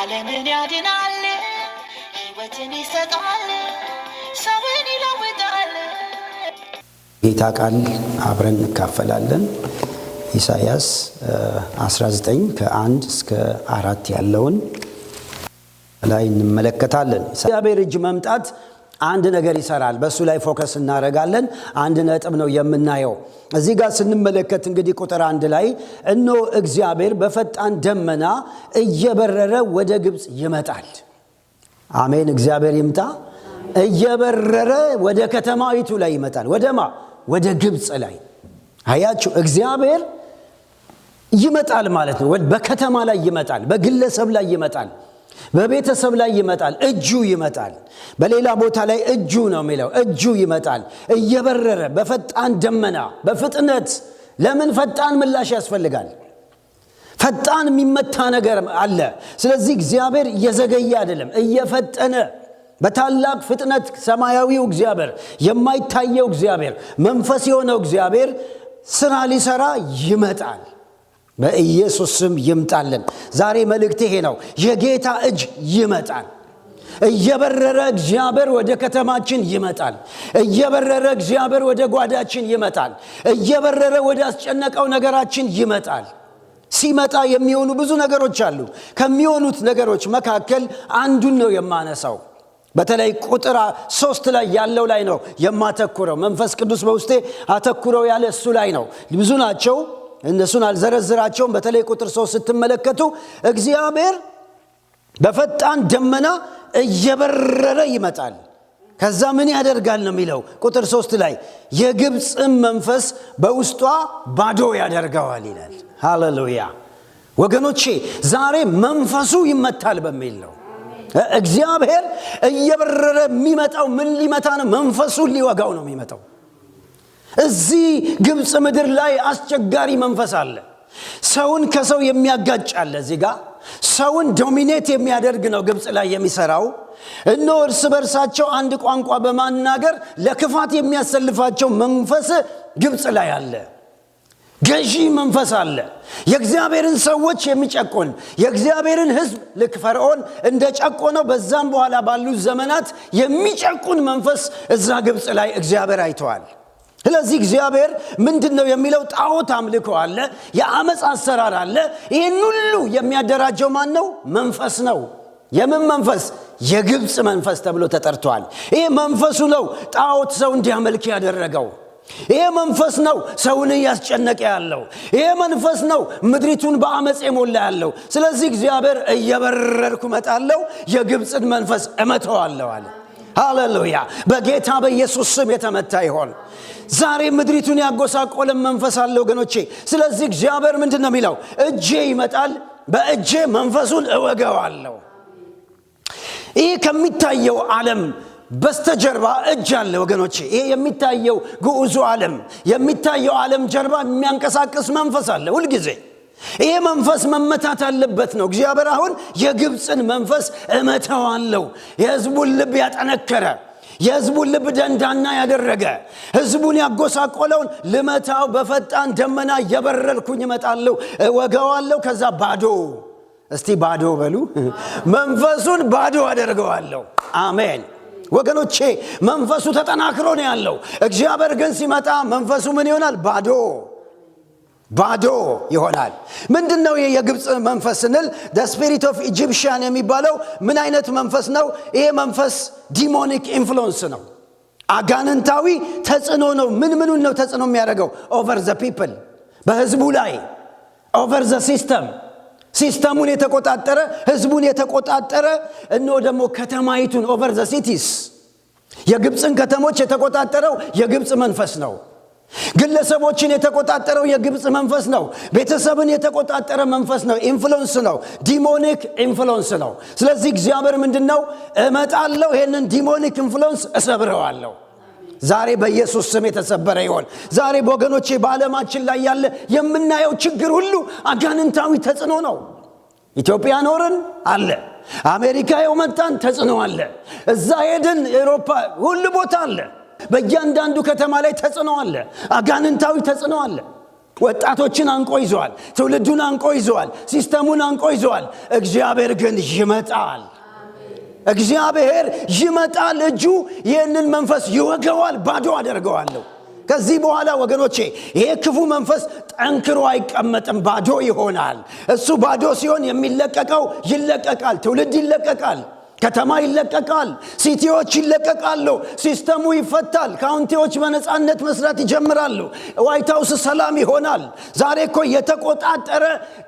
ዓለምን ያድናል፣ ይሰጣል፣ ሰውን ይለውጣል። ጌታ ቃል አብረን እንካፈላለን። ኢሳያስ 19 ከአንድ እስከ አራት ያለውን ላይ እንመለከታለን። እግዚአብሔር እጅ መምጣት አንድ ነገር ይሰራል። በእሱ ላይ ፎከስ እናደረጋለን አንድ ነጥብ ነው የምናየው። እዚህ ጋር ስንመለከት እንግዲህ ቁጥር አንድ ላይ እኖ እግዚአብሔር በፈጣን ደመና እየበረረ ወደ ግብፅ ይመጣል። አሜን። እግዚአብሔር ይምጣ። እየበረረ ወደ ከተማዊቱ ላይ ይመጣል። ወደማ ወደ ግብፅ ላይ አያችሁ፣ እግዚአብሔር ይመጣል ማለት ነው። በከተማ ላይ ይመጣል፣ በግለሰብ ላይ ይመጣል። በቤተሰብ ላይ ይመጣል፣ እጁ ይመጣል። በሌላ ቦታ ላይ እጁ ነው የሚለው እጁ ይመጣል እየበረረ በፈጣን ደመና በፍጥነት። ለምን ፈጣን ምላሽ ያስፈልጋል? ፈጣን የሚመታ ነገር አለ። ስለዚህ እግዚአብሔር እየዘገየ አይደለም፣ እየፈጠነ በታላቅ ፍጥነት ሰማያዊው እግዚአብሔር፣ የማይታየው እግዚአብሔር፣ መንፈስ የሆነው እግዚአብሔር ስራ ሊሰራ ይመጣል። በኢየሱስ ስም ይምጣልን። ዛሬ መልእክት ይሄ ነው። የጌታ እጅ ይመጣል። እየበረረ እግዚአብሔር ወደ ከተማችን ይመጣል። እየበረረ እግዚአብሔር ወደ ጓዳችን ይመጣል። እየበረረ ወደ አስጨነቀው ነገራችን ይመጣል። ሲመጣ የሚሆኑ ብዙ ነገሮች አሉ። ከሚሆኑት ነገሮች መካከል አንዱን ነው የማነሳው። በተለይ ቁጥር ሶስት ላይ ያለው ላይ ነው የማተኩረው። መንፈስ ቅዱስ በውስጤ አተኩረው ያለ እሱ ላይ ነው። ብዙ ናቸው እነሱን አልዘረዝራቸውም። በተለይ ቁጥር ሶስት ስትመለከቱ እግዚአብሔር በፈጣን ደመና እየበረረ ይመጣል። ከዛ ምን ያደርጋል ነው የሚለው ቁጥር ሶስት ላይ የግብፅን መንፈስ በውስጧ ባዶ ያደርገዋል ይላል። ሃሌሉያ ወገኖቼ፣ ዛሬ መንፈሱ ይመታል በሚል ነው እግዚአብሔር እየበረረ የሚመጣው። ምን ሊመታ ነው? መንፈሱን ሊወጋው ነው የሚመጣው። እዚህ ግብፅ ምድር ላይ አስቸጋሪ መንፈስ አለ። ሰውን ከሰው የሚያጋጭ አለ። እዚህ ጋር ሰውን ዶሚኔት የሚያደርግ ነው ግብፅ ላይ የሚሰራው። እኖ እርስ በርሳቸው አንድ ቋንቋ በማናገር ለክፋት የሚያሰልፋቸው መንፈስ ግብፅ ላይ አለ። ገዢ መንፈስ አለ። የእግዚአብሔርን ሰዎች የሚጨቆን የእግዚአብሔርን ህዝብ ልክ ፈርዖን እንደ ጨቆነው በዛም በኋላ ባሉት ዘመናት የሚጨቁን መንፈስ እዛ ግብፅ ላይ እግዚአብሔር አይተዋል። ስለዚህ እግዚአብሔር ምንድን ነው የሚለው? ጣዖት አምልኮ አለ፣ የአመፅ አሰራር አለ። ይህን ሁሉ የሚያደራጀው ማን ነው? መንፈስ ነው። የምን መንፈስ? የግብፅ መንፈስ ተብሎ ተጠርቷል። ይህ መንፈሱ ነው ጣዖት ሰው እንዲያመልክ ያደረገው። ይህ መንፈስ ነው ሰውን እያስጨነቀ ያለው። ይህ መንፈስ ነው ምድሪቱን በአመፅ የሞላ ያለው። ስለዚህ እግዚአብሔር እየበረርኩ መጣለው የግብፅን መንፈስ እመተዋለሁ አለ። ሃሌሉያ በጌታ በኢየሱስ ስም የተመታ ይሆን። ዛሬ ምድሪቱን ያጎሳቆለ መንፈስ አለ ወገኖቼ። ስለዚህ እግዚአብሔር ምንድን ነው የሚለው? እጄ ይመጣል፣ በእጄ መንፈሱን እወገዋለሁ። ይህ ከሚታየው ዓለም በስተጀርባ እጅ አለ ወገኖቼ። ይሄ የሚታየው ግዑዙ ዓለም የሚታየው ዓለም ጀርባ የሚያንቀሳቅስ መንፈስ አለ ሁልጊዜ ይሄ መንፈስ መመታት አለበት ነው። እግዚአብሔር አሁን የግብፅን መንፈስ እመታዋለሁ። የህዝቡን ልብ ያጠነከረ የህዝቡን ልብ ደንዳና ያደረገ ህዝቡን ያጎሳቆለውን ልመታው፣ በፈጣን ደመና እየበረርኩኝ እመጣለሁ፣ እወጋዋለሁ። ከዛ ባዶ እስቲ ባዶ በሉ፣ መንፈሱን ባዶ አደርገዋለሁ። አሜን ወገኖቼ፣ መንፈሱ ተጠናክሮ ነው ያለው። እግዚአብሔር ግን ሲመጣ መንፈሱ ምን ይሆናል? ባዶ ባዶ ይሆናል። ምንድን ነው የግብፅ መንፈስ ስንል ደ ስፒሪት ኦፍ ኢጂፕሽያን የሚባለው ምን አይነት መንፈስ ነው? ይሄ መንፈስ ዲሞኒክ ኢንፍሉንስ ነው፣ አጋንንታዊ ተጽዕኖ ነው። ምን ምኑን ነው ተጽዕኖ የሚያደርገው? ኦቨር ዘ ፒፕል፣ በህዝቡ ላይ ኦቨር ዘ ሲስተም፣ ሲስተሙን የተቆጣጠረ ህዝቡን የተቆጣጠረ እኖ ደግሞ ከተማይቱን ኦቨር ዘ ሲቲስ፣ የግብፅን ከተሞች የተቆጣጠረው የግብፅ መንፈስ ነው። ግለሰቦችን የተቆጣጠረው የግብፅ መንፈስ ነው። ቤተሰብን የተቆጣጠረ መንፈስ ነው። ኢንፍሉንስ ነው፣ ዲሞኒክ ኢንፍሉንስ ነው። ስለዚህ እግዚአብሔር ምንድን ነው? እመጣለሁ፣ ይህንን ዲሞኒክ ኢንፍሉንስ እሰብረዋለሁ። ዛሬ በኢየሱስ ስም የተሰበረ ይሆን። ዛሬ በወገኖቼ በዓለማችን ላይ ያለ የምናየው ችግር ሁሉ አጋንንታዊ ተጽዕኖ ነው። ኢትዮጵያ ኖርን አለ፣ አሜሪካ የው መጣን ተጽዕኖ አለ፣ እዛ ሄድን፣ ኤሮፓ ሁሉ ቦታ አለ በእያንዳንዱ ከተማ ላይ ተጽዕኖ አለ። አጋንንታዊ ተጽዕኖ አለ። ወጣቶችን አንቆ ይዘዋል። ትውልዱን አንቆ ይዘዋል። ሲስተሙን አንቆ ይዘዋል። እግዚአብሔር ግን ይመጣል። እግዚአብሔር ይመጣል። እጁ ይህንን መንፈስ ይወገዋል፣ ባዶ አደርገዋለሁ። ከዚህ በኋላ ወገኖቼ ይሄ ክፉ መንፈስ ጠንክሮ አይቀመጥም፣ ባዶ ይሆናል። እሱ ባዶ ሲሆን የሚለቀቀው ይለቀቃል፣ ትውልድ ይለቀቃል። ከተማ ይለቀቃል፣ ሲቲዎች ይለቀቃሉ፣ ሲስተሙ ይፈታል፣ ካውንቲዎች በነፃነት መስራት ይጀምራሉ፣ ዋይት ሀውስ ሰላም ይሆናል። ዛሬ እኮ የተቆጣጠረ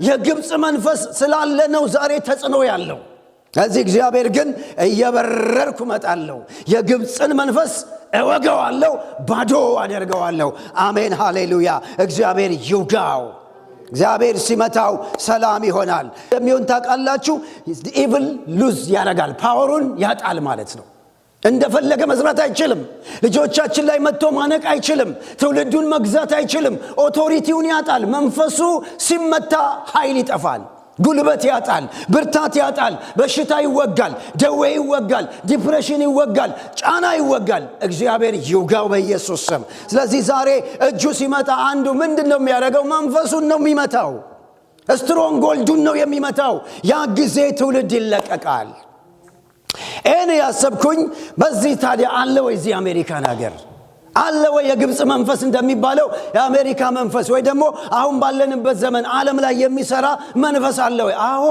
የግብፅ መንፈስ ስላለ ነው ዛሬ ተጽዕኖ ያለው። እዚህ እግዚአብሔር ግን እየበረርኩ እመጣለሁ፣ የግብፅን መንፈስ እወገዋለሁ፣ ባዶ አደርገዋለሁ። አሜን፣ ሃሌሉያ። እግዚአብሔር ይውጋው። እግዚአብሔር ሲመታው ሰላም ይሆናል። እንደሚሆን ታውቃላችሁ። ኢቭል ሉዝ ያደርጋል፣ ፓወሩን ያጣል ማለት ነው። እንደፈለገ መዝራት አይችልም። ልጆቻችን ላይ መጥቶ ማነቅ አይችልም። ትውልዱን መግዛት አይችልም። ኦቶሪቲውን ያጣል። መንፈሱ ሲመታ ኃይል ይጠፋል። ጉልበት ያጣል፣ ብርታት ያጣል፣ በሽታ ይወጋል፣ ደዌ ይወጋል፣ ዲፕሬሽን ይወጋል፣ ጫና ይወጋል። እግዚአብሔር ይውጋው በኢየሱስ ስም። ስለዚህ ዛሬ እጁ ሲመጣ አንዱ ምንድን ነው የሚያደርገው? መንፈሱን ነው የሚመታው፣ ስትሮንጎልዱን ነው የሚመታው። ያ ጊዜ ትውልድ ይለቀቃል። ኤን ያሰብኩኝ በዚህ ታዲያ አለ ወይ እዚህ አሜሪካን ሀገር አለ ወይ የግብፅ መንፈስ እንደሚባለው የአሜሪካ መንፈስ ወይ ደግሞ አሁን ባለንበት ዘመን ዓለም ላይ የሚሰራ መንፈስ አለ ወይ? አዎ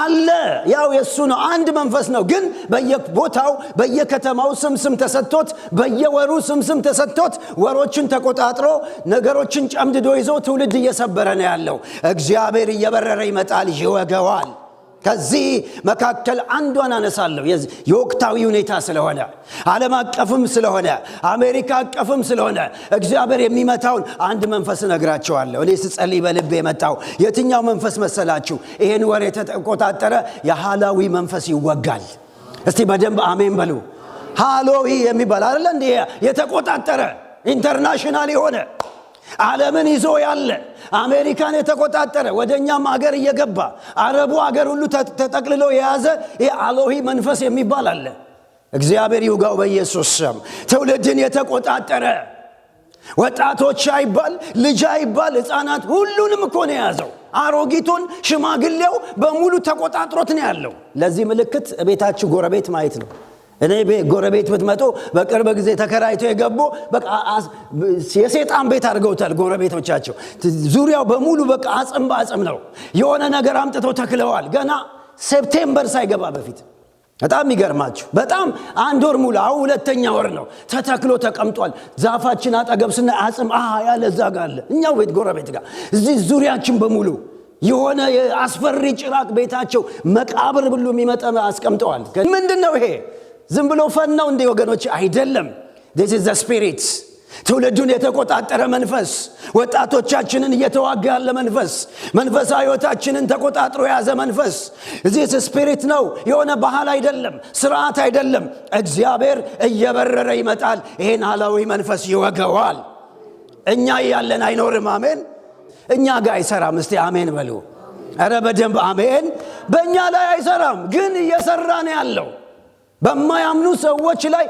አለ። ያው የእሱ ነው፣ አንድ መንፈስ ነው። ግን በየቦታው በየከተማው ስምስም ተሰጥቶት በየወሩ ስምስም ተሰጥቶት ወሮችን ተቆጣጥሮ ነገሮችን ጨምድዶ ይዞ ትውልድ እየሰበረ ነው ያለው። እግዚአብሔር እየበረረ ይመጣል፣ ይወገዋል። ከዚህ መካከል አንዷን አነሳለሁ። የወቅታዊ ሁኔታ ስለሆነ ዓለም አቀፍም ስለሆነ አሜሪካ አቀፍም ስለሆነ እግዚአብሔር የሚመታውን አንድ መንፈስ እነግራቸዋለሁ። እኔ ስጸልይ በልብ የመጣው የትኛው መንፈስ መሰላችሁ? ይህን ወር የተቆጣጠረ የሃላዊ መንፈስ ይወጋል። እስቲ በደንብ አሜን በሉ። ሃሎዊ የሚባል አለ እንዲ የተቆጣጠረ ኢንተርናሽናል የሆነ ዓለምን ይዞ ያለ አሜሪካን የተቆጣጠረ ወደ እኛም አገር እየገባ አረቡ አገር ሁሉ ተጠቅልሎ የያዘ የአሎሂ መንፈስ የሚባል አለ። እግዚአብሔር ይውጋው በኢየሱስ ስም። ትውልድን የተቆጣጠረ ወጣቶች አይባል ልጅ አይባል ሕፃናት ሁሉንም እኮ ነው የያዘው። አሮጊቱን ሽማግሌው በሙሉ ተቆጣጥሮት ነው ያለው። ለዚህ ምልክት ቤታችሁ ጎረቤት ማየት ነው። እኔ ጎረቤት ብትመጡ በቅርብ ጊዜ ተከራይቶ የገቡ የሴጣን ቤት አድርገውታል። ጎረቤቶቻቸው ዙሪያው በሙሉ በቃ አጽም በአጽም ነው። የሆነ ነገር አምጥተው ተክለዋል። ገና ሴፕቴምበር ሳይገባ በፊት በጣም ይገርማችሁ። በጣም አንድ ወር ሙሉ አሁን ሁለተኛ ወር ነው ተተክሎ ተቀምጧል። ዛፋችን አጠገብ ስና አጽም አ ያለ እዛ ጋ አለ እኛው ቤት ጎረቤት ጋር እዚህ ዙሪያችን በሙሉ የሆነ አስፈሪ ጭራቅ ቤታቸው መቃብር ብሉ የሚመጠ አስቀምጠዋል። ምንድን ነው ይሄ? ዝም ብሎ ፈን ነው ወገኖች? አይደለም። ስ ዘ ስፒሪት ትውልዱን የተቆጣጠረ መንፈስ፣ ወጣቶቻችንን እየተዋጋ ያለ መንፈስ፣ መንፈሳዊ ሕይወታችንን ተቆጣጥሮ የያዘ መንፈስ። እዚህ ስፒሪት ነው፣ የሆነ ባህል አይደለም፣ ስርዓት አይደለም። እግዚአብሔር እየበረረ ይመጣል። ይህን አላዊ መንፈስ ይወገዋል። እኛ ያለን አይኖርም። አሜን። እኛ ጋር አይሰራም። እስቲ አሜን በሉ። ረ በደንብ አሜን። በእኛ ላይ አይሰራም፣ ግን እየሰራ ነው ያለው በማያምኑ ሰዎች ላይ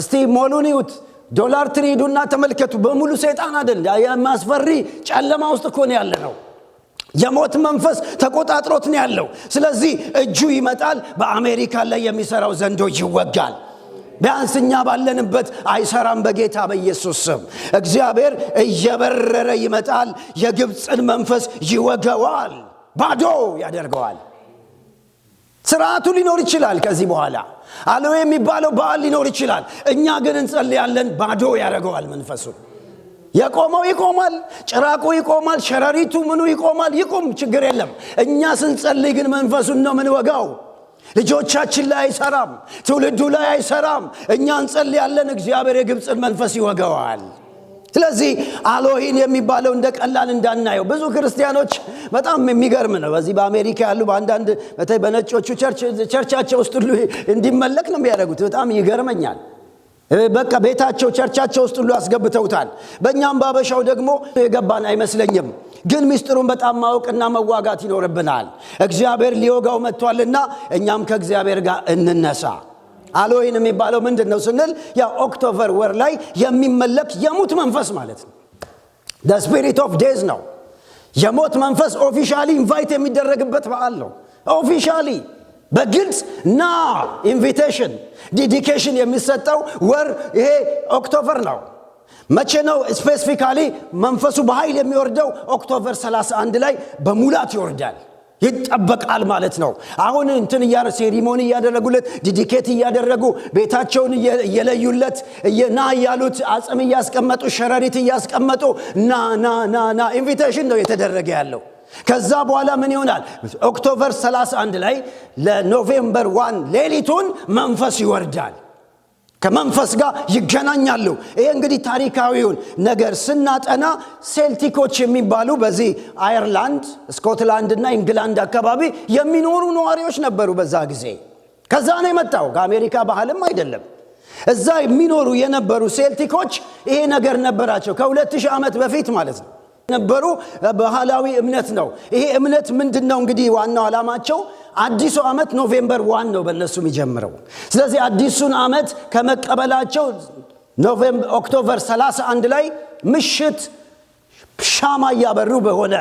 እስቲ ሞሉን ይዩት። ዶላር ትሪዱና ተመልከቱ። በሙሉ ሰይጣን አይደል? የማስፈሪ ጨለማ ውስጥ እኮ ነው ያለ ነው። የሞት መንፈስ ተቆጣጥሮት ነው ያለው። ስለዚህ እጁ ይመጣል። በአሜሪካ ላይ የሚሰራው ዘንዶ ይወጋል። ቢያንስ እኛ ባለንበት አይሰራም። በጌታ በኢየሱስ ስም እግዚአብሔር እየበረረ ይመጣል። የግብፅን መንፈስ ይወገዋል፣ ባዶ ያደርገዋል። ስርዓቱ ሊኖር ይችላል። ከዚህ በኋላ አለ የሚባለው በዓል ሊኖር ይችላል። እኛ ግን እንጸልያለን፣ ባዶ ያደርገዋል መንፈሱ። የቆመው ይቆማል፣ ጭራቁ ይቆማል፣ ሸረሪቱ ምኑ ይቆማል። ይቁም፣ ችግር የለም። እኛ ስንጸልይ ግን መንፈሱን ነው ምንወጋው። ልጆቻችን ላይ አይሰራም፣ ትውልዱ ላይ አይሰራም። እኛ እንጸልያለን፣ እግዚአብሔር የግብፅን መንፈስ ይወገዋል። ስለዚህ አሎሂን የሚባለው እንደ ቀላል እንዳናየው። ብዙ ክርስቲያኖች በጣም የሚገርም ነው። በዚህ በአሜሪካ ያሉ በአንዳንድ በተለይ በነጮቹ ቸርቻቸው ውስጥ ሁሉ እንዲመለክ ነው የሚያደርጉት። በጣም ይገርመኛል። በቃ ቤታቸው ቸርቻቸው ውስጥ ሁሉ አስገብተውታል። በእኛም ባበሻው ደግሞ የገባን አይመስለኝም። ግን ሚስጥሩን በጣም ማወቅና መዋጋት ይኖርብናል። እግዚአብሔር ሊወጋው መጥቷልና እኛም ከእግዚአብሔር ጋር እንነሳ። አልወይን የሚባለው ምንድን ነው ስንል ያ ኦክቶበር ወር ላይ የሚመለክ የሙት መንፈስ ማለት ነው። ስፒሪት ኦፍ ዴዝ ነው። የሞት መንፈስ ኦፊሻሊ ኢንቫይት የሚደረግበት በዓል ነው። ኦፊሻሊ በግልጽ ና ኢንቪቴሽን ዲዲኬሽን የሚሰጠው ወር ይሄ ኦክቶበር ነው። መቼ ነው ስፔሲፊካሊ መንፈሱ በኃይል የሚወርደው? ኦክቶበር 31 ላይ በሙላት ይወርዳል። ይጠበቃል ማለት ነው። አሁን እንትን እያረ ሴሪሞኒ እያደረጉለት ዲዲኬት እያደረጉ ቤታቸውን እየለዩለት ና እያሉት አጽም እያስቀመጡ ሸረሪት እያስቀመጡ ና ና ና ና ኢንቪቴሽን ነው የተደረገ ያለው። ከዛ በኋላ ምን ይሆናል? ኦክቶበር 31 ላይ ለኖቬምበር ዋን ሌሊቱን መንፈስ ይወርዳል። ከመንፈስ ጋር ይገናኛሉ። ይሄ እንግዲህ ታሪካዊውን ነገር ስናጠና ሴልቲኮች የሚባሉ በዚህ አየርላንድ፣ ስኮትላንድ እና ኢንግላንድ አካባቢ የሚኖሩ ነዋሪዎች ነበሩ በዛ ጊዜ። ከዛ ነው የመጣው ከአሜሪካ ባህልም አይደለም። እዛ የሚኖሩ የነበሩ ሴልቲኮች ይሄ ነገር ነበራቸው ከ2000 ዓመት በፊት ማለት ነው የነበሩ ባህላዊ እምነት ነው። ይሄ እምነት ምንድን ነው እንግዲህ ዋናው ዓላማቸው አዲሱ ዓመት ኖቬምበር ዋን ነው በእነሱ የሚጀምረው። ስለዚህ አዲሱን ዓመት ከመቀበላቸው ኦክቶበር 31 ላይ ምሽት ሻማ እያበሩ በሆነ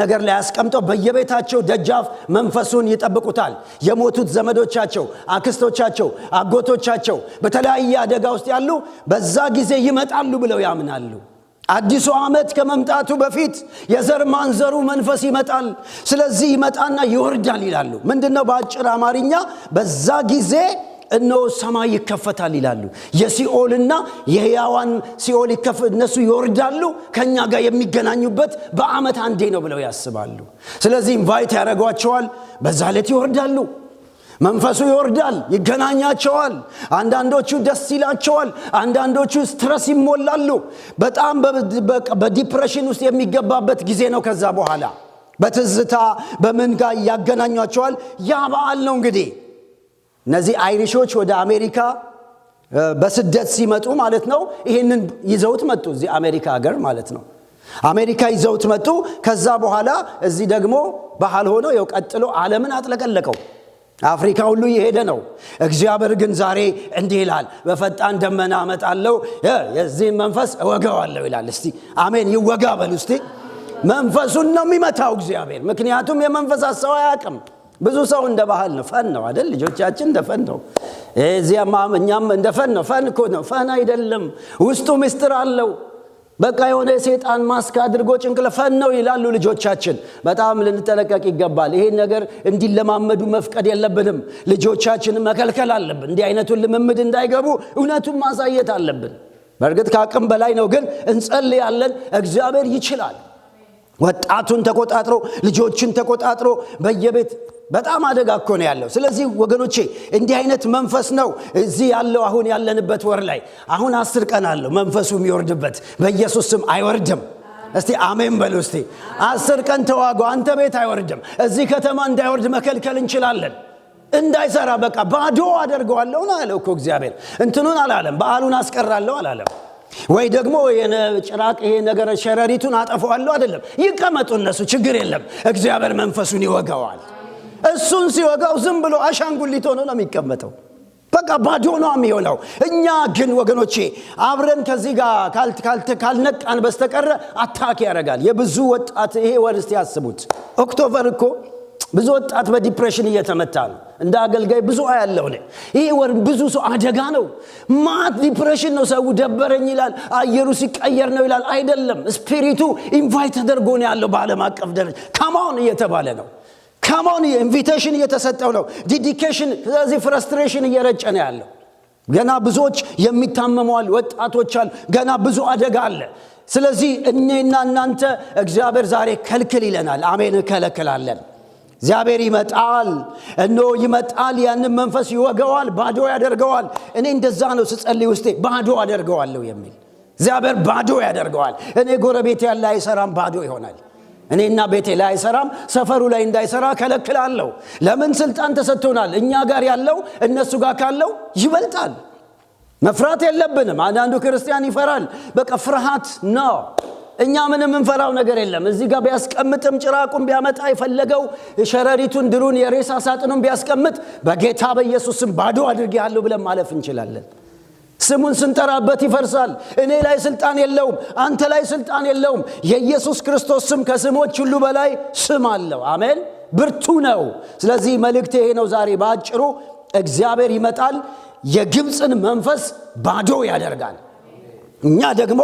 ነገር ላይ አስቀምጠው በየቤታቸው ደጃፍ መንፈሱን ይጠብቁታል። የሞቱት ዘመዶቻቸው፣ አክስቶቻቸው፣ አጎቶቻቸው በተለያየ አደጋ ውስጥ ያሉ በዛ ጊዜ ይመጣሉ ብለው ያምናሉ። አዲሱ ዓመት ከመምጣቱ በፊት የዘር ማንዘሩ መንፈስ ይመጣል። ስለዚህ ይመጣና ይወርዳል ይላሉ። ምንድነው? በአጭር አማርኛ በዛ ጊዜ እነ ሰማይ ይከፈታል ይላሉ። የሲኦልና የህያዋን ሲኦል እነሱ ይወርዳሉ፣ ከእኛ ጋር የሚገናኙበት በአመት አንዴ ነው ብለው ያስባሉ። ስለዚህ ኢንቫይት ያደረጓቸዋል። በዛ ለት ይወርዳሉ። መንፈሱ ይወርዳል፣ ይገናኛቸዋል። አንዳንዶቹ ደስ ይላቸዋል፣ አንዳንዶቹ ስትረስ ይሞላሉ። በጣም በዲፕሬሽን ውስጥ የሚገባበት ጊዜ ነው። ከዛ በኋላ በትዝታ በምን ጋር ያገናኟቸዋል። ያ በዓል ነው እንግዲህ እነዚህ አይሪሾች ወደ አሜሪካ በስደት ሲመጡ ማለት ነው። ይህንን ይዘውት መጡ፣ እዚህ አሜሪካ ሀገር ማለት ነው። አሜሪካ ይዘውት መጡ። ከዛ በኋላ እዚህ ደግሞ ባህል ሆነው የው ቀጥሎ አለምን አጥለቀለቀው። አፍሪካ ሁሉ እየሄደ ነው። እግዚአብሔር ግን ዛሬ እንዲህ ይላል፣ በፈጣን ደመና እመጣለሁ፣ የዚህም መንፈስ እወጋዋለሁ ይላል። እስቲ አሜን ይወጋ በል እስቲ። መንፈሱን ነው የሚመታው እግዚአብሔር፣ ምክንያቱም የመንፈስ አሰው አያቅም ብዙ ሰው እንደ ባህል ነው፣ ፈን ነው አይደል? ልጆቻችን እንደ ፈን ነው፣ እዚያም እኛም እንደ ፈን ነው። ፈን እኮ ነው፣ ፈን አይደለም። ውስጡ ምስጢር አለው። በቃ የሆነ የሰይጣን ማስክ አድርጎ ጭንቅልፈን ነው ይላሉ ልጆቻችን። በጣም ልንጠነቀቅ ይገባል። ይሄን ነገር እንዲለማመዱ መፍቀድ የለብንም። ልጆቻችን መከልከል አለብን። እንዲህ አይነቱን ልምምድ እንዳይገቡ እውነቱን ማሳየት አለብን። በእርግጥ ከአቅም በላይ ነው፣ ግን እንጸልያለን። እግዚአብሔር ይችላል። ወጣቱን ተቆጣጥሮ ልጆችን ተቆጣጥሮ በየቤት በጣም አደጋ እኮ ነው ያለው። ስለዚህ ወገኖቼ እንዲህ አይነት መንፈስ ነው እዚህ ያለው አሁን ያለንበት ወር ላይ። አሁን አስር ቀን አለው መንፈሱ የሚወርድበት። በኢየሱስ ስም አይወርድም። እስቲ አሜን በሉ። እስቲ አስር ቀን ተዋጉ። አንተ ቤት አይወርድም። እዚህ ከተማ እንዳይወርድ መከልከል እንችላለን። እንዳይሰራ በቃ ባዶ አደርገዋለሁ ነው ያለው እኮ እግዚአብሔር። እንትኑን አላለም፣ በዓሉን አስቀራለሁ አላለም ወይ ደግሞ ጭራቅ ይሄ ነገር ሸረሪቱን አጠፈዋለሁ አይደለም። ይቀመጡ እነሱ ችግር የለም። እግዚአብሔር መንፈሱን ይወገዋል። እሱን ሲወጋው ዝም ብሎ አሻንጉሊት ሆኖ ነው የሚቀመጠው። በቃ ባዶ ነው የሚሆነው። እኛ ግን ወገኖቼ አብረን ከዚህ ጋር ካልነቃን በስተቀረ አታክ ያደርጋል። የብዙ ወጣት ይሄ ወር ያስቡት። ኦክቶበር እኮ ብዙ ወጣት በዲፕሬሽን እየተመታ ነው። እንደ አገልጋይ ብዙ አያለው ነ ይሄ ወር ብዙ ሰው አደጋ ነው። ማት ዲፕሬሽን ነው። ሰው ደበረኝ ይላል። አየሩ ሲቀየር ነው ይላል። አይደለም፣ ስፒሪቱ ኢንቫይት ተደርጎ ነው ያለው በዓለም አቀፍ ደረጃ ከማውን እየተባለ ነው ከሞን ኢንቪቴሽን እየተሰጠው ነው። ዲዲኬሽን ስለዚህ ፍረስትሬሽን እየረጨ ነው ያለው። ገና ብዙዎች የሚታመመዋል፣ ወጣቶች አሉ። ገና ብዙ አደጋ አለ። ስለዚህ እኔና እናንተ እግዚአብሔር ዛሬ ከልክል ይለናል። አሜን፣ እከለክላለን። እግዚአብሔር ይመጣል፣ እነሆ ይመጣል። ያንን መንፈስ ይወገዋል፣ ባዶ ያደርገዋል። እኔ እንደዛ ነው ስጸልይ ውስጤ ባዶ አደርገዋለሁ የሚል እግዚአብሔር ባዶ ያደርገዋል። እኔ ጎረቤት ያለ አይሰራም፣ ባዶ ይሆናል። እኔና ቤቴ ላይ አይሰራም፣ ሰፈሩ ላይ እንዳይሰራ ከለክላለሁ። ለምን? ስልጣን ተሰጥቶናል። እኛ ጋር ያለው እነሱ ጋር ካለው ይበልጣል። መፍራት የለብንም። አንዳንዱ ክርስቲያን ይፈራል። በቃ ፍርሃት ነ እኛ ምንም የምንፈራው ነገር የለም። እዚህ ጋር ቢያስቀምጥም ጭራቁን ቢያመጣ የፈለገው ሸረሪቱን፣ ድሩን፣ የሬሳ ሳጥኑን ቢያስቀምጥ በጌታ በኢየሱስም ባዶ አድርጌ ያለሁ ብለን ማለፍ እንችላለን። ስሙን ስንጠራበት ይፈርሳል። እኔ ላይ ስልጣን የለውም፣ አንተ ላይ ስልጣን የለውም። የኢየሱስ ክርስቶስ ስም ከስሞች ሁሉ በላይ ስም አለው። አሜን። ብርቱ ነው። ስለዚህ መልእክት ይሄ ነው ዛሬ በአጭሩ። እግዚአብሔር ይመጣል፣ የግብፅን መንፈስ ባዶ ያደርጋል። እኛ ደግሞ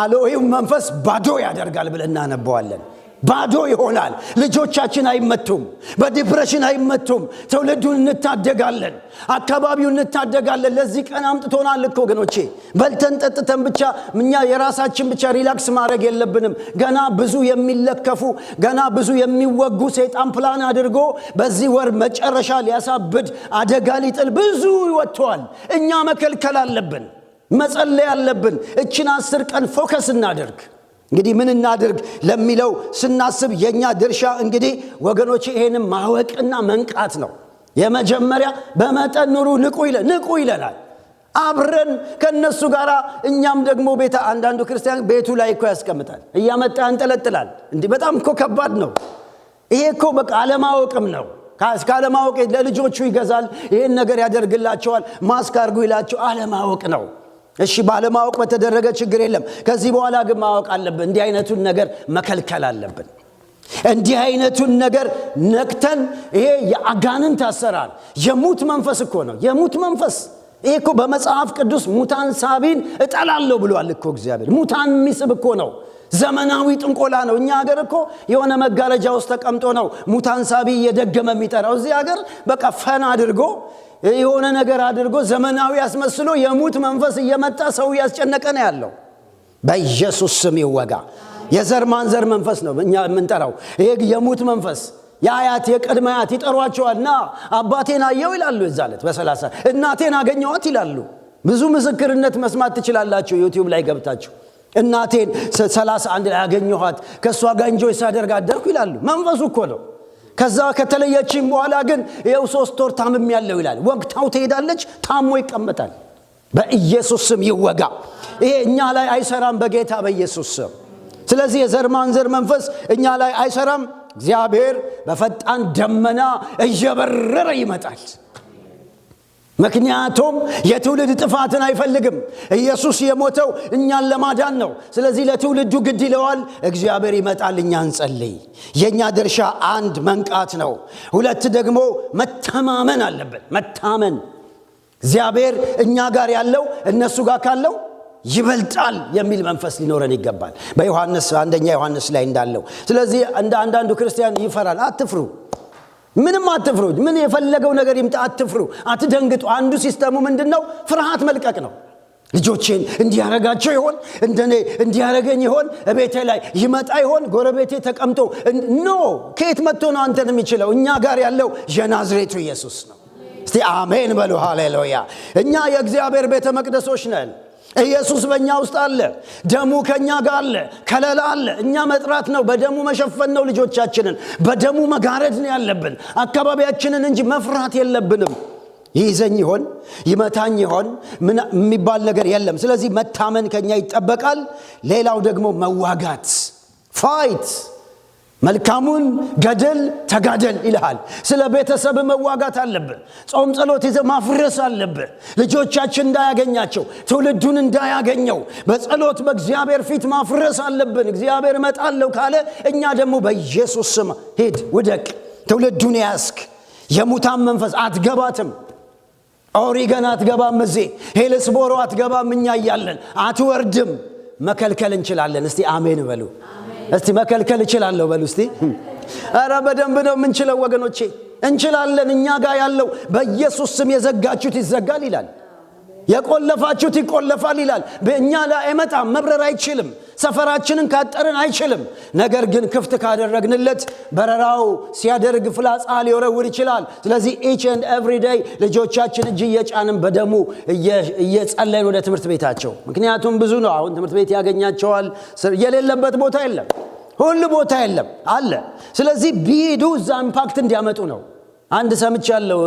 አሎሂም መንፈስ ባዶ ያደርጋል ብለን እናነበዋለን። ባዶ ይሆናል። ልጆቻችን አይመቱም፣ በዲፕሬሽን አይመቱም። ትውልዱን እንታደጋለን፣ አካባቢውን እንታደጋለን። ለዚህ ቀን አምጥቶናል እኮ ወገኖቼ። በልተን ጠጥተን ብቻ እኛ የራሳችን ብቻ ሪላክስ ማድረግ የለብንም። ገና ብዙ የሚለከፉ ገና ብዙ የሚወጉ ሰይጣን ፕላን አድርጎ በዚህ ወር መጨረሻ ሊያሳብድ አደጋ ሊጥል ብዙ ይወጥተዋል። እኛ መከልከል አለብን፣ መጸለይ አለብን። እችን አስር ቀን ፎከስ እናደርግ። እንግዲህ ምን እናድርግ ለሚለው ስናስብ የእኛ ድርሻ እንግዲህ ወገኖች ይሄንም ማወቅና መንቃት ነው። የመጀመሪያ በመጠን ኑሩ፣ ንቁ ይለናል። አብረን ከነሱ ጋር እኛም ደግሞ ቤተ አንዳንዱ ክርስቲያን ቤቱ ላይ እኮ ያስቀምጣል፣ እያመጣ ያንጠለጥላል። እንዲህ በጣም እኮ ከባድ ነው። ይሄ እኮ በቃ አለማወቅም ነው። ካለማወቅ ለልጆቹ ይገዛል፣ ይህን ነገር ያደርግላቸዋል፣ ማስካርጉ ይላቸው አለማወቅ ነው። እሺ ባለማወቅ በተደረገ ችግር የለም። ከዚህ በኋላ ግን ማወቅ አለብን። እንዲህ አይነቱን ነገር መከልከል አለብን። እንዲህ አይነቱን ነገር ነክተን ይሄ የአጋንን ታሰራል የሙት መንፈስ እኮ ነው። የሙት መንፈስ ይሄ እኮ በመጽሐፍ ቅዱስ ሙታን ሳቢን እጠላለሁ ብሏል እኮ እግዚአብሔር። ሙታን የሚስብ እኮ ነው። ዘመናዊ ጥንቆላ ነው። እኛ ሀገር እኮ የሆነ መጋረጃ ውስጥ ተቀምጦ ነው ሙታን ሳቢ እየደገመ የሚጠራው። እዚህ ሀገር በቃ ፈን አድርጎ የሆነ ነገር አድርጎ ዘመናዊ አስመስሎ የሙት መንፈስ እየመጣ ሰው እያስጨነቀ ነው ያለው። በኢየሱስ ስም ይወጋ። የዘር ማንዘር መንፈስ ነው እኛ የምንጠራው። ይሄ የሙት መንፈስ የአያት የቅድመ አያት ይጠሯቸዋል። ና አባቴን አየው ይላሉ። ዛለት በሰላሳ እናቴን አገኘዋት ይላሉ። ብዙ ምስክርነት መስማት ትችላላችሁ ዩቲዩብ ላይ ገብታችሁ እናቴን ሰላሳ አንድ ላይ ያገኘኋት ከእሷ ጋር እንጆይ ሳደርግ አደርኩ ይላሉ። መንፈሱ እኮ ነው። ከዛ ከተለየችም በኋላ ግን ይው ሶስት ወር ታምም ያለው ይላል። ወቅታው ትሄዳለች፣ ታሞ ይቀመጣል። በኢየሱስ ስም ይወጋ። ይሄ እኛ ላይ አይሰራም፣ በጌታ በኢየሱስ ስም። ስለዚህ የዘር መንፈስ እኛ ላይ አይሰራም። እግዚአብሔር በፈጣን ደመና እየበረረ ይመጣል። ምክንያቱም የትውልድ ጥፋትን አይፈልግም። ኢየሱስ የሞተው እኛን ለማዳን ነው። ስለዚህ ለትውልዱ ግድ ይለዋል። እግዚአብሔር ይመጣል፣ እኛ እንጸልይ። የእኛ ድርሻ አንድ መንቃት ነው። ሁለት ደግሞ መተማመን አለብን። መታመን እግዚአብሔር እኛ ጋር ያለው እነሱ ጋር ካለው ይበልጣል የሚል መንፈስ ሊኖረን ይገባል። በዮሐንስ አንደኛ ዮሐንስ ላይ እንዳለው ስለዚህ እንደ አንዳንዱ ክርስቲያን ይፈራል። አትፍሩ ምንም አትፍሩ። ምን የፈለገው ነገር ይምጣ፣ አትፍሩ፣ አትደንግጡ። አንዱ ሲስተሙ ምንድን ነው? ፍርሃት መልቀቅ ነው። ልጆቼን እንዲያረጋቸው ይሆን እንደኔ እንዲያረገኝ ይሆን ቤቴ ላይ ይመጣ ይሆን ጎረቤቴ ተቀምጦ ኖ ከየት መጥቶ ነው አንተን የሚችለው? እኛ ጋር ያለው የናዝሬቱ ኢየሱስ ነው። እስቲ አሜን በሉ። ሃሌሉያ! እኛ የእግዚአብሔር ቤተ መቅደሶች ነን። ኢየሱስ በእኛ ውስጥ አለ። ደሙ ከእኛ ጋር አለ። ከለላ አለ። እኛ መጥራት ነው፣ በደሙ መሸፈን ነው። ልጆቻችንን በደሙ መጋረድ ነው ያለብን፣ አካባቢያችንን እንጂ መፍራት የለብንም። ይይዘኝ ይሆን ይመታኝ ይሆን የሚባል ነገር የለም። ስለዚህ መታመን ከኛ ይጠበቃል። ሌላው ደግሞ መዋጋት ፋይት መልካሙን ገደል ተጋደል ይልሃል። ስለ ቤተሰብ መዋጋት አለብህ። ጾም ጸሎት ይዘ ማፍረስ አለብህ። ልጆቻችን እንዳያገኛቸው፣ ትውልዱን እንዳያገኘው በጸሎት በእግዚአብሔር ፊት ማፍረስ አለብን። እግዚአብሔር እመጣለሁ ካለ እኛ ደግሞ በኢየሱስ ስም ሂድ፣ ውደቅ፣ ትውልዱን ያስክ የሙታን መንፈስ አትገባትም። ኦሪገን አትገባም። እዜ ሄልስቦሮ አትገባም። እኛ እያለን አትወርድም። መከልከል እንችላለን። እስቲ አሜን በሉ። እስቲ መከልከል እችላለሁ በሉ እስቲ። ኧረ በደንብ ነው የምንችለው ወገኖቼ፣ እንችላለን። እኛ ጋር ያለው በኢየሱስ ስም የዘጋችሁት ይዘጋል ይላል። የቆለፋችሁት ይቆለፋል ይላል። በእኛ ላይ አይመጣም። መብረር አይችልም። ሰፈራችንን ካጠርን አይችልም። ነገር ግን ክፍት ካደረግንለት በረራው ሲያደርግ ፍላጻ ሊወረውር ይችላል። ስለዚህ ኢች ኤንድ ኤቭሪ ዴይ ልጆቻችን እጅ እየጫንን በደሙ እየጸለይን ወደ ትምህርት ቤታቸው ምክንያቱም ብዙ ነው። አሁን ትምህርት ቤት ያገኛቸዋል። የሌለበት ቦታ የለም፣ ሁሉ ቦታ የለም አለ። ስለዚህ ቢሄዱ እዛ ኢምፓክት እንዲያመጡ ነው። አንድ ሰምቻለሁ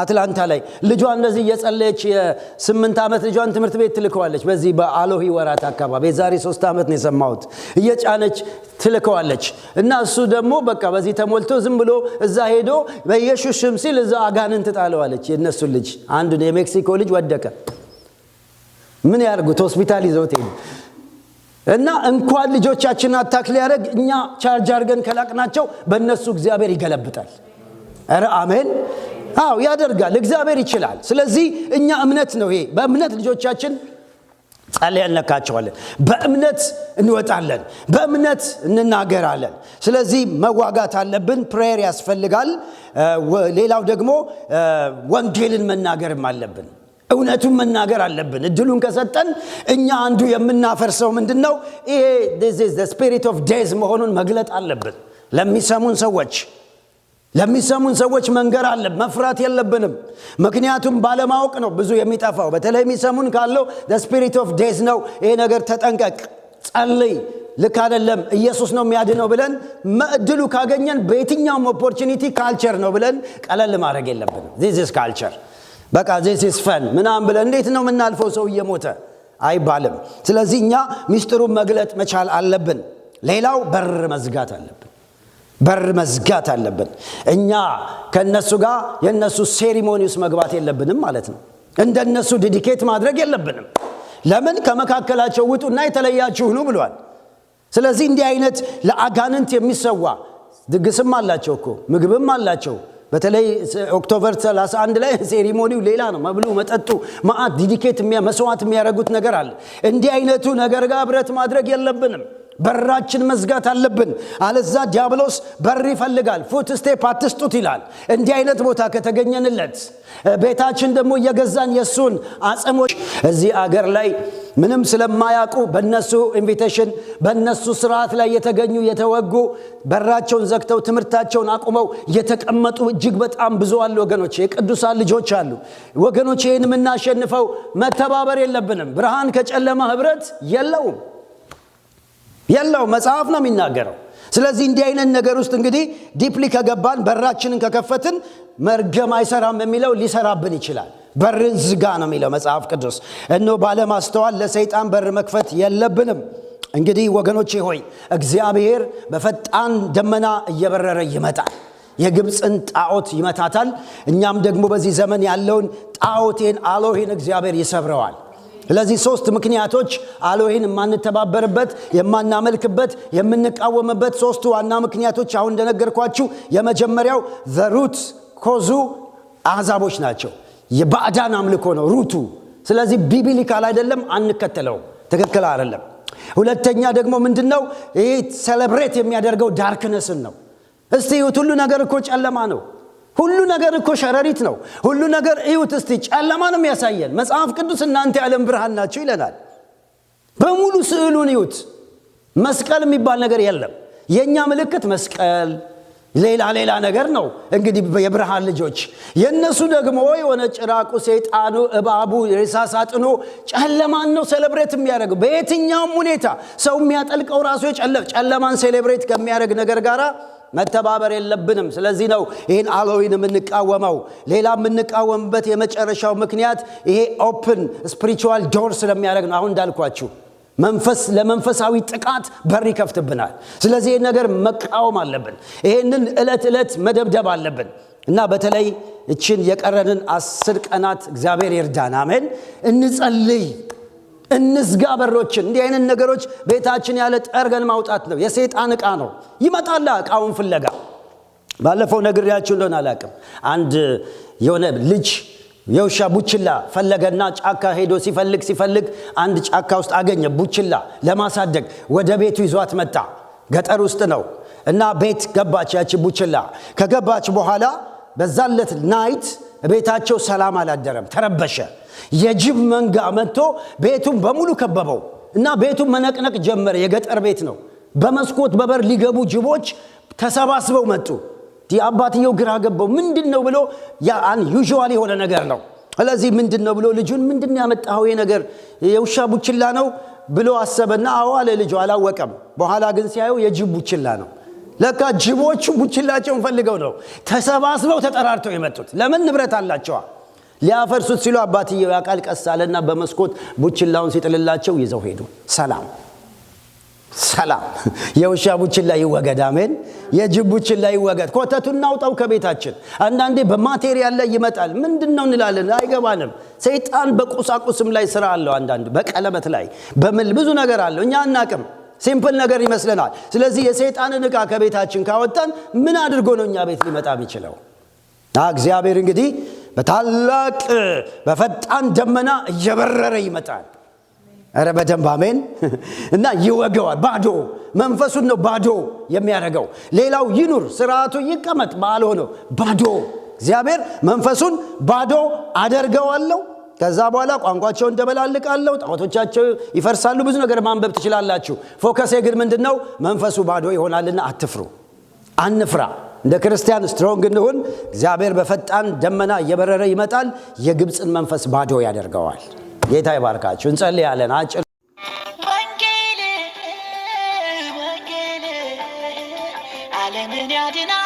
አትላንታ ላይ ልጇ እንደዚህ እየጸለየች የስምንት ዓመት ልጇን ትምህርት ቤት ትልከዋለች። በዚህ በአሎሂ ወራት አካባቢ የዛሬ ሶስት ዓመት ነው የሰማሁት። እየጫነች ትልከዋለች እና እሱ ደግሞ በቃ በዚህ ተሞልቶ ዝም ብሎ እዛ ሄዶ በየሹሽም ሲል እዛ አጋንን ትጣለዋለች የእነሱን ልጅ አንዱ የሜክሲኮ ልጅ ወደቀ። ምን ያርጉት? ሆስፒታል ይዘውት ሄዱ። እና እንኳን ልጆቻችን አታክል ያደረግ እኛ ቻርጅ አርገን ከላቅናቸው በእነሱ እግዚአብሔር ይገለብጣል። ኧረ አሜን። አዎ ያደርጋል፣ እግዚአብሔር ይችላል። ስለዚህ እኛ እምነት ነው ይሄ። በእምነት ልጆቻችን ጸልየን እንለካቸዋለን። በእምነት እንወጣለን፣ በእምነት እንናገራለን። ስለዚህ መዋጋት አለብን። ፕሬየር ያስፈልጋል። ሌላው ደግሞ ወንጌልን መናገርም አለብን። እውነቱን መናገር አለብን። እድሉን ከሰጠን እኛ አንዱ የምናፈርሰው ምንድን ነው? ይሄ ስፒሪት ኦፍ ዴዝ መሆኑን መግለጥ አለብን ለሚሰሙን ሰዎች ለሚሰሙን ሰዎች መንገር አለ። መፍራት የለብንም። ምክንያቱም ባለማወቅ ነው ብዙ የሚጠፋው። በተለይ የሚሰሙን ካለው ስፒሪት ኦፍ ዴዝ ነው። ይሄ ነገር ተጠንቀቅ፣ ጸልይ፣ ልክ አይደለም፣ ኢየሱስ ነው የሚያድነው ብለን እድሉ ካገኘን በየትኛውም ኦፖርቹኒቲ ካልቸር ነው ብለን ቀለል ማድረግ የለብንም። ዚስ ካልቸር በቃ ዚስ ፈን ምናም ብለን እንዴት ነው የምናልፈው? ሰው እየሞተ አይባልም። ስለዚህ እኛ ሚስጥሩን መግለጥ መቻል አለብን። ሌላው በር መዝጋት አለብን። በር መዝጋት አለብን። እኛ ከነሱ ጋር የነሱ ሴሪሞኒ ውስጥ መግባት የለብንም ማለት ነው። እንደነሱ ዲዲኬት ማድረግ የለብንም። ለምን ከመካከላቸው ውጡና የተለያችሁ ሁኑ ብሏል። ስለዚህ እንዲህ አይነት ለአጋንንት የሚሰዋ ድግስም አላቸው እኮ ምግብም አላቸው። በተለይ ኦክቶበር 31 ላይ ሴሪሞኒው ሌላ ነው። መብሉ፣ መጠጡ፣ ማአት ዲዲኬት መስዋዕት የሚያደርጉት ነገር አለ። እንዲህ አይነቱ ነገር ጋር ብረት ማድረግ የለብንም። በራችን መዝጋት አለብን። አለዛ ዲያብሎስ በር ይፈልጋል። ፉት ስቴፕ አትስጡት ይላል። እንዲህ አይነት ቦታ ከተገኘንለት ቤታችን ደግሞ እየገዛን የእሱን አጽሞች እዚህ አገር ላይ ምንም ስለማያውቁ በነሱ ኢንቪቴሽን በነሱ ስርዓት ላይ የተገኙ የተወጉ በራቸውን ዘግተው ትምህርታቸውን አቁመው የተቀመጡ እጅግ በጣም ብዙ አሉ። ወገኖች የቅዱሳን ልጆች አሉ። ወገኖች ይህን የምናሸንፈው መተባበር የለብንም። ብርሃን ከጨለማ ህብረት የለውም። የለው መጽሐፍ ነው የሚናገረው። ስለዚህ እንዲህ አይነት ነገር ውስጥ እንግዲህ ዲፕሊ ከገባን በራችንን ከከፈትን መርገም አይሰራም የሚለው ሊሰራብን ይችላል። በርን ዝጋ ነው የሚለው መጽሐፍ ቅዱስ። እኖ ባለማስተዋል ለሰይጣን በር መክፈት የለብንም። እንግዲህ ወገኖቼ ሆይ እግዚአብሔር በፈጣን ደመና እየበረረ ይመጣል። የግብፅን ጣዖት ይመታታል። እኛም ደግሞ በዚህ ዘመን ያለውን ጣዖቴን አሎሄን እግዚአብሔር ይሰብረዋል። ስለዚህ ሶስት ምክንያቶች አሎሄን የማንተባበርበት የማናመልክበት የምንቃወምበት ሶስቱ ዋና ምክንያቶች አሁን እንደነገርኳችሁ የመጀመሪያው ዘሩት ኮዙ አዛቦች ናቸው የባዕዳን አምልኮ ነው ሩቱ ስለዚህ ቢቢሊካል አይደለም አንከተለው ትክክል አይደለም ሁለተኛ ደግሞ ምንድን ነው ይህ ሴሌብሬት የሚያደርገው ዳርክነስን ነው እስቲ ሁሉ ነገር እኮ ጨለማ ነው ሁሉ ነገር እኮ ሸረሪት ነው። ሁሉ ነገር እዩት እስቲ፣ ጨለማ ነው ያሳየን። መጽሐፍ ቅዱስ እናንተ የዓለም ብርሃን ናቸው ይለናል። በሙሉ ስዕሉን እዩት። መስቀል የሚባል ነገር የለም። የእኛ ምልክት መስቀል፣ ሌላ ሌላ ነገር ነው እንግዲህ የብርሃን ልጆች። የእነሱ ደግሞ የሆነ ጭራቁ፣ ሰይጣኑ፣ እባቡ፣ ሬሳ ጨለማን ነው ሴሌብሬት የሚያደርገው። በየትኛውም ሁኔታ ሰው የሚያጠልቀው ራሱ ጨለማን ሴሌብሬት ከሚያደርግ ነገር ጋራ መተባበር የለብንም። ስለዚህ ነው ይህን አሎዊን የምንቃወመው። ሌላ የምንቃወምበት የመጨረሻው ምክንያት ይሄ ኦፕን ስፒሪቹዋል ዶር ስለሚያደረግ ነው። አሁን እንዳልኳችሁ መንፈስ ለመንፈሳዊ ጥቃት በር ይከፍትብናል። ስለዚህ ይህን ነገር መቃወም አለብን። ይህንን ዕለት ዕለት መደብደብ አለብን እና በተለይ እችን የቀረንን አስር ቀናት እግዚአብሔር ይርዳን። አሜን። እንጸልይ። እንስጋ በሮችን። እንዲህ አይነት ነገሮች ቤታችን ያለ ጠርገን ማውጣት ነው። የሰይጣን እቃ ነው። ይመጣላ እቃውን ፍለጋ። ባለፈው ነግሬያችሁ እንደሆነ አላቅም አንድ የሆነ ልጅ የውሻ ቡችላ ፈለገና ጫካ ሄዶ ሲፈልግ ሲፈልግ አንድ ጫካ ውስጥ አገኘ። ቡችላ ለማሳደግ ወደ ቤቱ ይዟት መጣ። ገጠር ውስጥ ነው እና ቤት ገባች ያች ቡችላ። ከገባች በኋላ በዛለት ናይት ቤታቸው ሰላም አላደረም፣ ተረበሸ። የጅብ መንጋ መጥቶ ቤቱን በሙሉ ከበበው እና ቤቱን መነቅነቅ ጀመረ። የገጠር ቤት ነው። በመስኮት በበር ሊገቡ ጅቦች ተሰባስበው መጡ። አባትየው ግራ ገባው። ምንድን ነው ብሎ አንዩዥዋል የሆነ ነገር ነው። ስለዚህ ምንድን ነው ብሎ ልጁን ምንድን ያመጣው ነገር የውሻ ቡችላ ነው ብሎ አሰበና አዎ አለ ልጁ። አላወቀም። በኋላ ግን ሲያየው የጅብ ቡችላ ነው። ለካ ጅቦቹ ቡችላቸውን ፈልገው ነው ተሰባስበው ተጠራርተው የመጡት። ለምን ንብረት አላቸዋ። ሊያፈርሱት ሲሉ አባትየው ያቃል ቀስ አለና በመስኮት ቡችላውን ሲጥልላቸው ይዘው ሄዱ። ሰላም ሰላም። የውሻ ቡችላ ይወገድ፣ አሜን። የጅብ ቡችላ ይወገድ። ኮተቱን እናውጣው ከቤታችን። አንዳንዴ በማቴሪያል ላይ ይመጣል። ምንድን ነው እንላለን፣ አይገባንም። ሰይጣን በቁሳቁስም ላይ ስራ አለው። አንዳንድ በቀለመት ላይ በምል ብዙ ነገር አለው። እኛ አናቅም፣ ሲምፕል ነገር ይመስለናል። ስለዚህ የሰይጣንን ዕቃ ከቤታችን ካወጣን ምን አድርጎ ነው እኛ ቤት ሊመጣ የሚችለው? እግዚአብሔር እንግዲህ በታላቅ በፈጣን ደመና እየበረረ ይመጣል። ረ በደንብ አሜን። እና ይወገዋል። ባዶ መንፈሱን ነው ባዶ የሚያደርገው። ሌላው ይኑር፣ ስርዓቱ ይቀመጥ፣ በዓል ሆነው ባዶ እግዚአብሔር መንፈሱን ባዶ አደርገዋለው ከዛ በኋላ ቋንቋቸው እንደበላልቃለው ጣዖቶቻቸው ይፈርሳሉ። ብዙ ነገር ማንበብ ትችላላችሁ። ፎከሴ ግን ምንድን ነው? መንፈሱ ባዶ ይሆናልና አትፍሩ፣ አንፍራ። እንደ ክርስቲያን ስትሮንግ እንሁን። እግዚአብሔር በፈጣን ደመና እየበረረ ይመጣል። የግብፅን መንፈስ ባዶ ያደርገዋል። ጌታ ይባርካችሁ። እንጸልያለን። አጭር ወንጌል ዓለምን ያድናል።